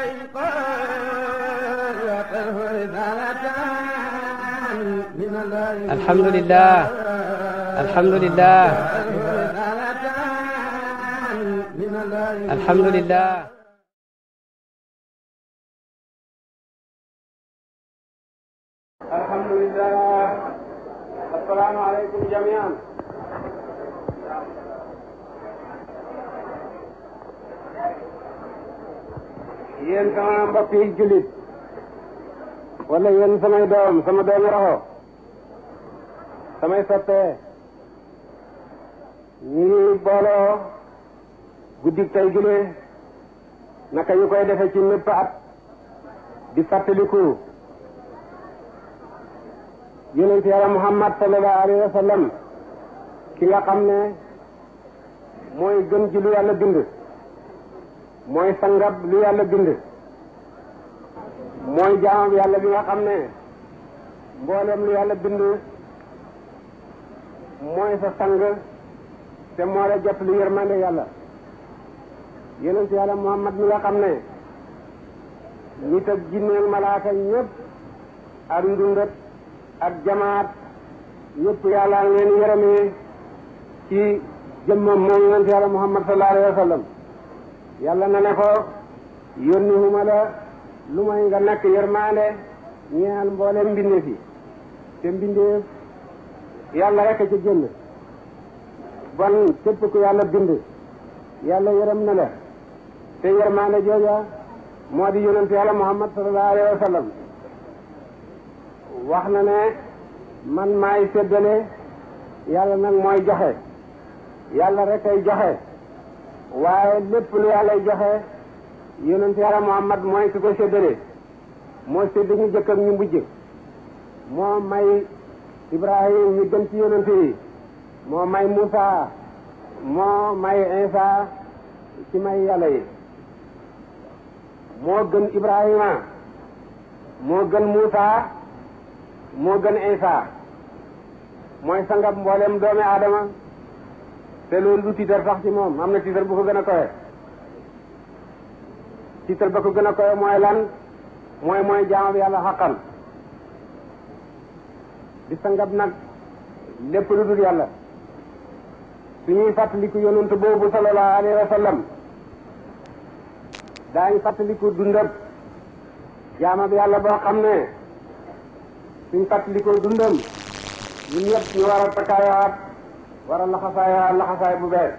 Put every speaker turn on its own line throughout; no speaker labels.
alhamdulilah alhamdulilah alhamdulilah. alhamdulilah. asalaamaaleykum jamiian. yéen sama mbokk yi jullit wala yéen samay doom sama doomu raxo samay soppee ñu booloo guddik tey gile naka ñu koy defe ci nëpp at di fàttaliku yonent yàlla muhammad sallallahu alayhi wa sallam ki xam ne mooy gën ci yàlla bind mooy sangab li yàlla bind mooy jaamam yàlla bi nga xam ne mboolem li yàlla bind mooy sa sang te moo la jot li yërmande yàlla yonent yàlla Muhammad mi nga xam ne nit ak jinneel malaaka ñëpp ak ndundat ak jamaat ñëpp yàlla leen yërëmee ci jëmmam moom yonent yàlla Muhammad sallallahu alayhi wa sallam yàlla na ne ko yónniwuma la lu may nga nekk yërmaande ñeel mboolem mbindeef yi te mbindeef yàlla rek ci génn bon képp ku yàlla bind yàlla yërëm na la te yërmaande jooja moo di yonent yàlla muhammad sallallahu alayhi wa wax na ne man maay séddale yàlla nag mooy joxe yàlla rek ay joxe waaye lépp lu yàlla joxe yonent yàlla Muhammad mooy ki ko séddale moo sédd ñu jëkk ak ñu mujj moo may Ibrahim ñu gën ci yonent moo may Muusa moo may Isa ci may yàlla yi moo gën Ibrahima moo gën Muusa moo gën Isa mooy sangab mboolem doomi Aadama te loolu du tiitar sax ci moom am na tiitar bu ko gën a kowe tiitar ba ko gën a kowe mooy lan mooy mooy jaamam yàlla xaqan di sangab nag lépp lu dul yàlla su ñuy fàttaliku yonent boobu sallallahu alayhi wa sallam daañu fàttaliku dundam jaamam yàlla boo xam ne suñ fàttalikoo dundam ñun ñëpp ñu war a takkaayaat war a laxasaaya laxasaay bu bees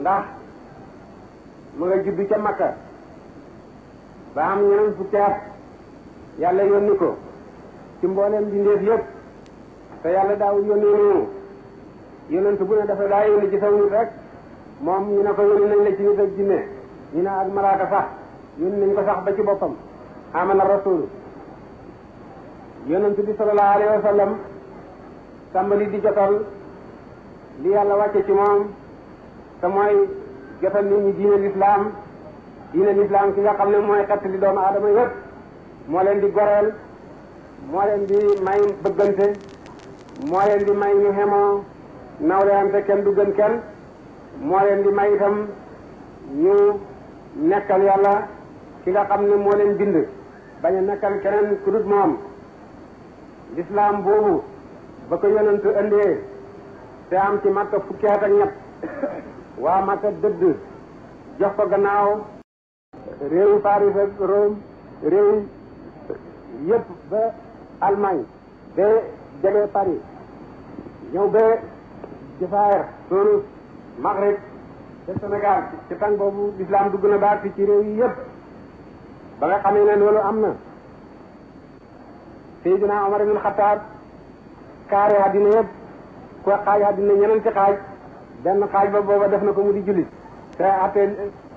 ndax mu nga juddu ca makka ba am ñeneen fukki at yàlla yónni ko ci mbooleem mbindeef yëpp te yàlla daawul yónnee noonu yonent bu ne dafa daa yónni ci saw nit rek moom ñu ne ko yónni nañ la ci nit ak jinne ñu ne ak malaaka sax yónni nañ ko sax ba ci boppam amana rasul yonent bi sallallahu alayhi wa sallam tàmbali di jotal li yàlla wàcce ci moom te mooy jotal nit ñi diine lislaam diine lislaam ki nga xam ne mooy xett li doomu aadama yëpp moo leen di goreel moo leen di may bëggante moo leen di may ñu xemoo nawleante kenn du gën kenn moo leen di may ñu nekkal yàlla ki nga xam ne moo leen bind bañ a nekkal keneen ku dut moom lislaam boobu ba ko yonentu indee te am ci Makka fukki at ak ñett waa Makka dëdd jox ko gannaaw réewi Paris ak Rome réewi yëpp ba Allemagne ba jege Paris ñëw ba Jafaar Tunis Maghreb te Sénégal ci tànk boobu lislaam dugg na baag fi ci réew yi ba nga xamee ne am na Seydina Omar ibn Khattab kaare àddina yëpp ko xaaj àddina ñeneen ci xaaj benn xaaj ba booba def na ko mu di jullit te atte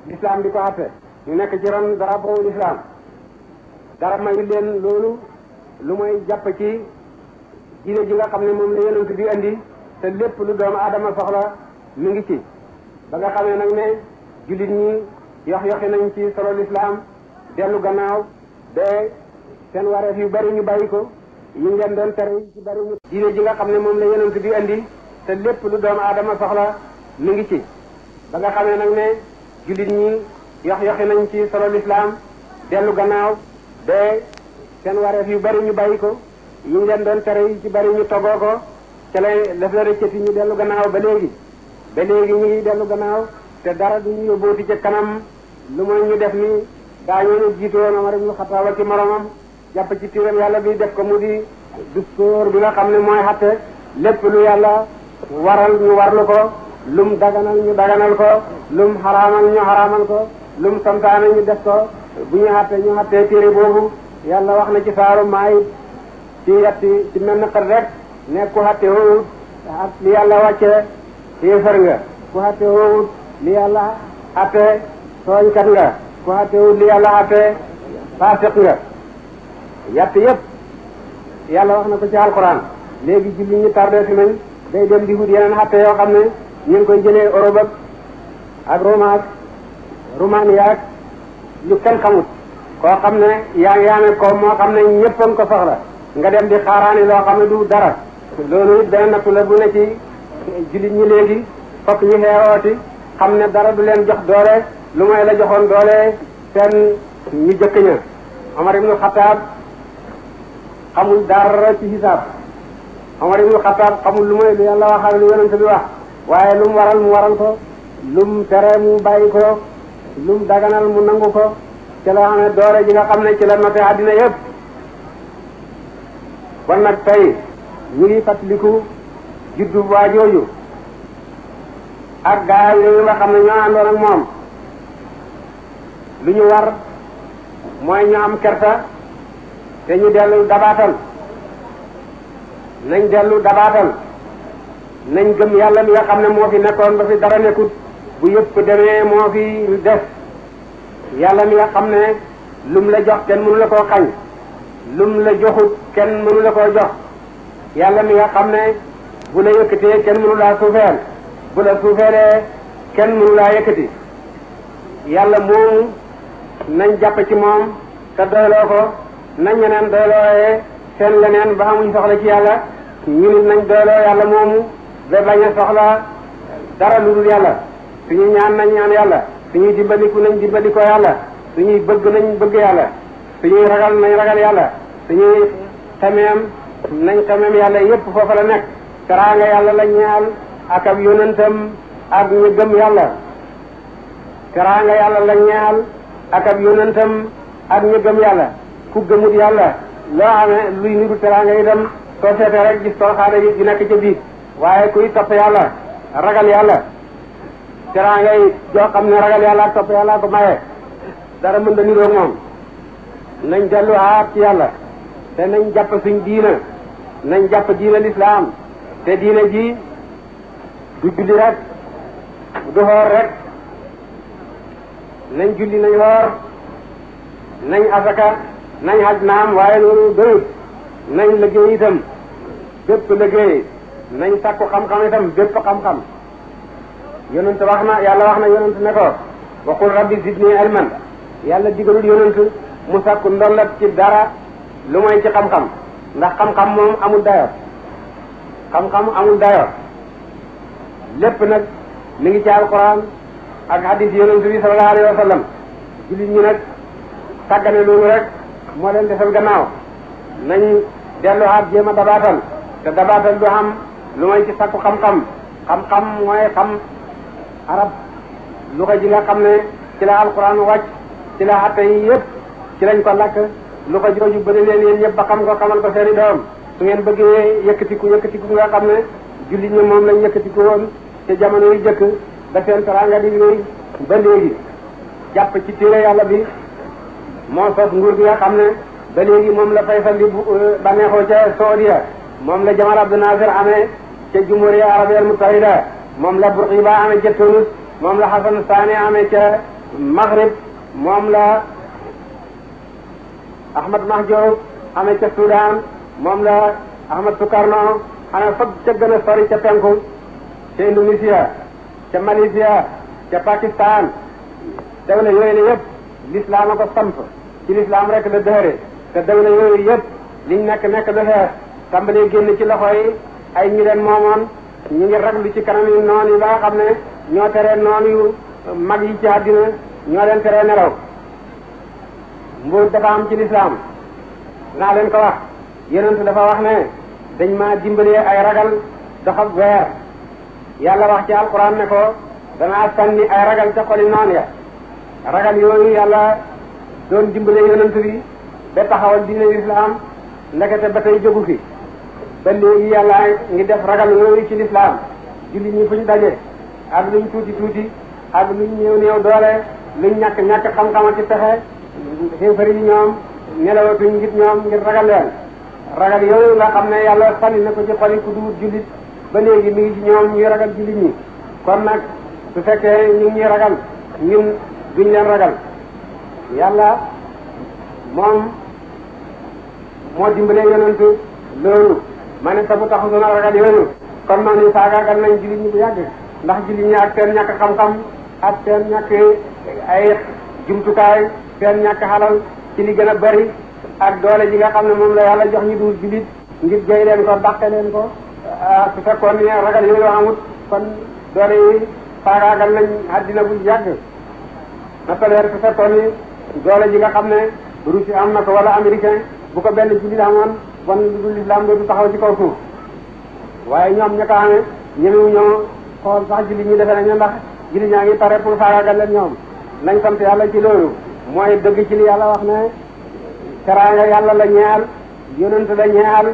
lislaam di ko atte ñu nekk ci ron dara boobu lislaam dara mayu leen loolu lu mooy jàpp ci diine ji nga xam ne moom la yonent bi andi te lépp lu doomu aadama soxla mi ngi ci danga xam xamee nag ne jullit ñi yox yoxi nañ ci solo lislaam dellu gannaaw ba seen wareef yu bari ñu bàyyi ko yi ngeen doon tere yi ci bari diine ji nga xam ne moom la yonent bi indi te lépp lu doomu aadama soxla mu ngi ci ba nga xamee nag ne jullit ñi yox yoxi nañ ci solo lislaam dellu gannaaw ba seen wareef yu bari ñu bàyyi ko yi leen doon tere yi ci bari ñu togoo ko ca lay laf la rëccati ñu dellu gannaaw ba léegi ba léegi ñu ngi dellu gannaaw te dara duñu yóbbooti ca kanam lu mooy ñu def ni daa ñoo ne jiitu woon Omar ibn ñu ak ci moromam jàpp ci tiiram yàlla bi def ko mu di dustóor bi nga xam ne mooy xatte lépp lu yàlla waral ñu warlu ko lum daganal ñu daganal ko lum xaraamal ñu xaraamal ko lum santaane ñu def ko bu ñu xatte ñu xattee téere boobu yàlla wax na ci saaru maayit ci yetti ci mel ni xët rek ne ku xatte woowut li yàlla wàcce xéefar nga ku xatte woowut li yàlla xatte tooñkat nga ku xatte woowut li yàlla xatte faasiq nga yàtt yëpp yàlla wax na ko ci alxuraan léegi julli ñu tardé fi nañ day dem di wut yeneen xatte yoo xam ne ñu ngi koy jëlee Europe ak ak Roma ak Roumania ak lu kenn xamut koo xam ne yaa yaa ne ko moo xam ne ñëpp a ko soxla nga dem di xaaraani loo xam ne du dara loolu it beneen nattu la bu ne ci jullit ñi léegi fokk ñu xeewooti xam ne dara du leen jox doole lu may la joxoon doole seen ñu jëkk ña Omar ibnu Xataab xamul dara ci hisaab Omar ibnu xamul lu may lu yàlla waxal lu yonent bi wax waaye lu mu waral mu waral ko lu mu tere mu bàyyi ko lu mu daganal mu nangu ko ci la xam ne nga xam ne ci la noté àddina yëpp kon nag tey ñu ngi fàttaliku juddu waa jooju ak gaa yi nga xam ne ñoo àndoon ak moom lu ñu war mooy ñu am kerta te ñu dellu dabaatal nañ dellu dabaatal nañ gëm yàlla mi nga xam ne moo fi nekkoon ba fi dara nekkut bu yëpp demee moo fi def yàlla mi nga xam ne lum la jox kenn mënu la koo xañ lum la joxut kenn mënu la koo jox yàlla mi nga xam ne bu la yëkkatee kenn mënu suufeel bu la suufeelee kenn mënu laa yëkkati yàlla moomu nañ jàpp ci moom te doyloo ko nañ ñeneen doolooyee seen leneen ba amuñ soxla ci yàlla ñu nit nañ dooloo yàlla moomu ba bañ a soxla dara lu dul yàlla suñu ñaan nañ ñaan yàlla suñuy dimbaliku nañ dimbalikoo yàlla suñuy bëgg nañ bëgg yàlla suñuy ragal nañ ragal yàlla suñuy tameem nañ tameem yàlla yépp foofa nekk teraanga yàlla la ñaal ak ab yonentam ak ñu yàlla teraanga yàlla la ñaal ak ab yonentam ak ñu yàlla ku gëmut yàlla loo amee luy niru teraanga itam soo seetee rek gis toroxaane yi di nekk ca biir waaye kuy topp yàlla ragal yàlla teraanga yi joo xam ne ragal yàlla topp yàlla ko maye dara mën da niroo moom nañ delluwaat ci yàlla te nañ jàpp suñ diina nañ jàpp diina lislaam te diina ji du julli rek du xoor rek nañ julli nañ xoor nañ asaka nañu xaj naam waaye loolu doyut nañ liggéey itam bépp liggéey nañ takku xam-xam itam bépp xam-xam yonent wax na yàlla wax na yonent ne ko waxul rabbi zidni ilman yàlla digalul yonent mu sakku ndollat ci dara lu mooy ci xam-xam ndax xam-xam moom amul dayo xam-xam amul dayo lépp nag mi ngi ci alquran ak hadis yonent bi sallallahu alayhi wa sallam nag sàggane loolu rek moo leen defal gannaaw nañ delluwaat jéem a dabaatal te dabaatal du am lu may ci sakku xam-xam xam-xam mooy xam arab lu ko ji nga xam ne ci la alquran wàcc ci la atte yi yëpp ci lañ ko lakk lu ko jooju bëri leen yéen ñëpp ba xam nga xamal ko seeni doom su ngeen bëggee yëkkatiku yëkkatiku nga xam ne jullit ñi moom lañ yëkkatiku woon te jamono yu jëkk da seen teraanga di yooyu ba léegi jàpp ci téere yàlla bi moo sos nguur gi nga xam moom la faysal di euh, bànneexoo ca Saudiya moom la Jamal Abdel Nasser amee ca Jumhuriya Arabiya al moom la Bourguiba ca Tunis moom la Hassan Sané amee ca Maghrib moom la Ahmad Mahjoub ca Soudan moom la Ahmad Sukarno ca gën a ca penku ca Indonesia ca Malaysia ca Pakistan dawla yooyu la yëpp lislaam a ko samp ci lislaam rek la dëhëre te dawla yooyu yëpp liñ nekk nekk ba xeex génn ci loxo yi ay ñi leen moomoon ñu ngi raglu ci kanam yi noon yi ba nga xam ne ñoo teree noon yu mag yi ci àddina ñoo leen teree nelaw mbuur dafa am ci lislaam naa leen ko wax yonent dafa wax ne dañ ma dimbalee ay ragal doxab weer yàlla wax ci alquran ne ko danaa sànni ay ragal ca xoli noon ya ragal yooyu yàlla doon dimbale yonent bi ba taxawal diine lislaam ndekete ba tey jógu fi ba léegi yàlla ngi def ragal yooyu ci lislaam jullit ñi fu ñu daje ak luñ tuuti tuuti ak luñ néew néew doole luñ ñàkk ñàkk xam-xam ak ci pexe xéefari yi ñoom nelawatuñ ngir ñoom ngir ragal leen ragal yooyu nga xam ne yàlla sànni na ko ci xoli ku duwut jullit ba léegi mi ngi ci ñoom ñuy ragal jullit ñi kon nag su fekkee ñu ngi ñuy ragal ñun duñ leen ragal yàlla moom moo dimbale yonentu loolu ma ne sa bu taxu suna ragal yooyu kon noonu faagaagal nañ jullit ñi bu yàgg ndax jullit ñi ak seen ñàkk xam-xam ak seen ñàkk ay jumtukaay seen ñàkk xalal ci li gën bari ak doole ji nga xam ne moom la yàlla jox ñu dul jullit ngir joy ko dàqe leen ko ah, su fekkoon ne ragal yooyu amut kon doole yi faagaagal nañ àddina bu yàgg naka leer su fekkoon ni doole ji nga xam ne Russie am na ko wala américain bu ko benn jullit amoon wan du lislaam du taxaw ci kaw suuf waaye ñoom ña ko amee ñemewu ñoo sax jullit ñi defe nañu ndax jullit ñaa ngi pare pour faagaagal leen ñoom nañ sant yàlla ci loolu mooy dëgg ci yàlla wax ne teraanga yàlla la ñeel yonent la ñeel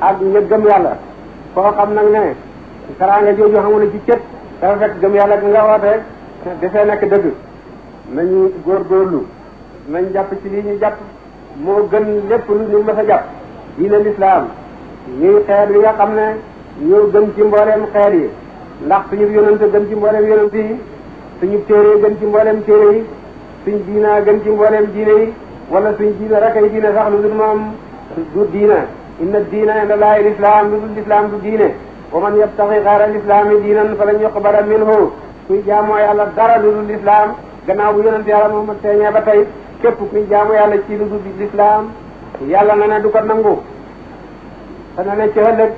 ak ña gëm yàlla koo xam nag ne teraanga jooju xamul ci cët dafa fekk gëm yàlla gi nga woote dafee nekk dëgg nañu góorgóorlu nañ jàpp ci lii ñu jàpp moo gën lépp lu ñu mës a jàpp diine lislaam ñuy xeer yi nga xam ne ñoo gën ci mbooleem xeer yi ndax suñu yonente gën ci mbooleem yonente yi suñu téere gën ci mbooleem téere yi suñ diina gën ci mbooleem diine yi wala suñ diina rakay a sax lu dul moom du diina inna diina inda laahi lislaam lu dul lislaam du diine wa man yabtaxi xaara lislaami diinan falan yuqbala dara lu dul lislaam gannaaw bu yonent yàlla Muhammad feeñee ba tey képp kuy jaamu yàlla ci lu dul lislaam yàlla na ne du ko nangu te na ci ëllëg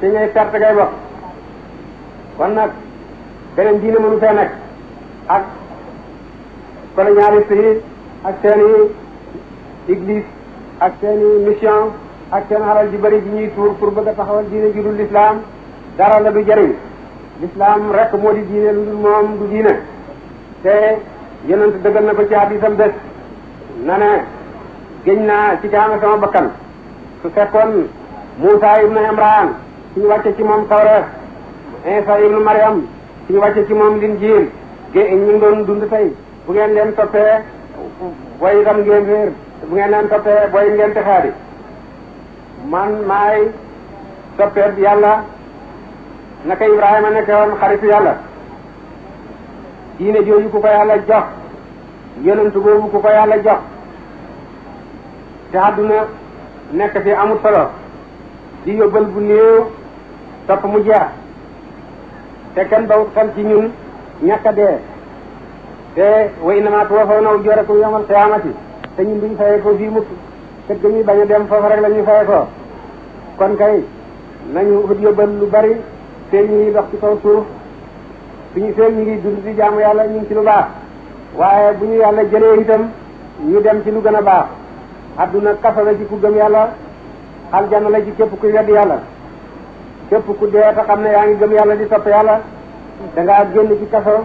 te ñooy perte ngay bokk kon nag beneen diine mënu fee nekk ak colonialiste yi ak seeni église ak seeni mission ak seen alal ji bëri ji ñuy tuur pour bëgg a taxawal diine ju dul lislaam dara la du jëriñ lislaam rek moo di lu du diine te yonent dëggal na ko ci hadisam bés na ne géñ naa ci jaame sama bakkan su fekkoon Muusa ibnu Imraan suñu wàcce ci moom Tawreet Isa ibnu Mariam suñu wàcce ci moom Linjiil gé ñu ngi dund tey bu ngeen leen toppee booy itam ngeen réer bu ngeen leen toppee booy ngeen texaari man maay soppeeb yàlla naka Ibrahima nekkoon xaritu yàlla diine jooju ku ko yàlla jox yonent boobu ku ko la jox te àdduna nekk fi amul solo di yóbbal bu néew topp mu jeex te kenn ba xel ci ñun ñàkk dee te wa innama tuwaffawna ujurakum yawmal qiyaamati te ñun duñ fayee ko fii mukk kër ga ñuy bañ a dem foofu rek la ñuy fayee ko kon kay nañu ut yóbbal lu bari te ñuy dox ci kaw suuf suñu feeg ñu ngi dund di jaamu yàlla ñu ngi ci lu baax waaye bu ñu yàlla jëlee itam ñu dem ci lu gën a baax adduna kafa la ci ku gëm yàlla aljanna la ci képp kuy wedd yàlla képp ku dee te xam ne yaa ngi gëm yàlla di topp yàlla da génn ci kaso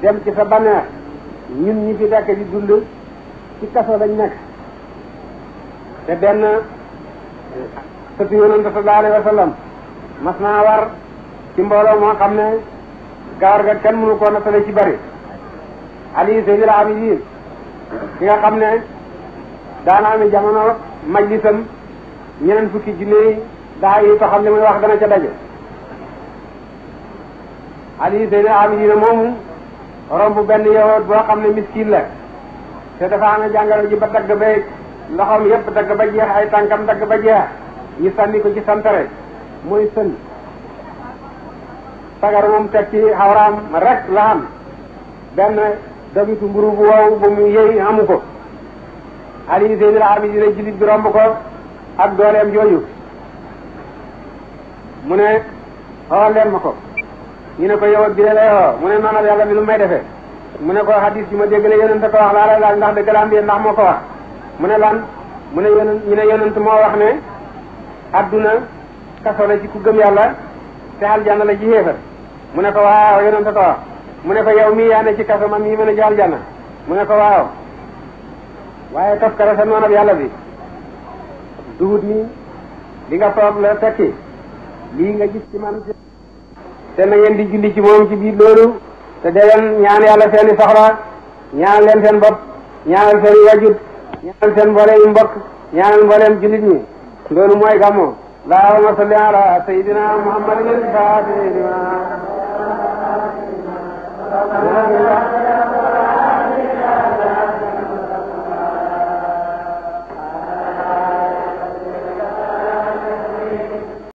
dem ci sa banneex ñun ñi fi nekk di dund ci kaso lañ nekk te benn sëtu yonent sallallahu alayhi wa sallam mas naa war ci mbooloo moo xam ne gaar ga kenn mënu ko na nattale ci bari ali seydil abidin ki nga xam ne daana amee jamono majlisam ñeneen fukki junne daa yi ko xam ne muy wax dana ca daje ali seydil abidin moomu romb benn yowoot boo xam ne miskin la te dafa amee jàngoro ji ba dagg ba loxoom yépp dagg ba jeex ay tànkam dagg ba jeex ñu sànni ko ci santare mooy sën sagarumam teg ci xawraam rek la am benn dagitu mburu bu wow bu mu yëy amu ko ali seydil ami dina jullit bi romb ko ak dooleem jooju mu ne xool leen ma ko ñu ne ko yow ak bi lay xoo mu ne maanaam yàlla mi lu may defee mu ne ko xadis bi ma dégg la yonent ko wax laa lay laaj ndax dëgg la am de ndax moo ko wax mu ne lan mu ne yonent ñu ne yonent moo wax ne adduna kaso ci ku gëm yàlla te aljanna la ci xéefar mu ne ko waaw yonente ko mu ne ko yow mii yaa ne ci kaso man nii mën a jox aljanna mu ne ko waaw waaye toskare sa noonab yàlla bi duhut nii li nga toog la tekki lii nga gis ci man te na ngeen di julli ci moom ci biir loolu te dee leen ñaan yàlla seeni soxla ñaanal leen seen bopp ñaanal seen i wajut ñaanal seen mbooleem mbokk ñaanal mbooleem jullit ñi loolu mooy gàmmu allahumma salli ala sayyidina muhammadin al-fatih لا إله إلا الله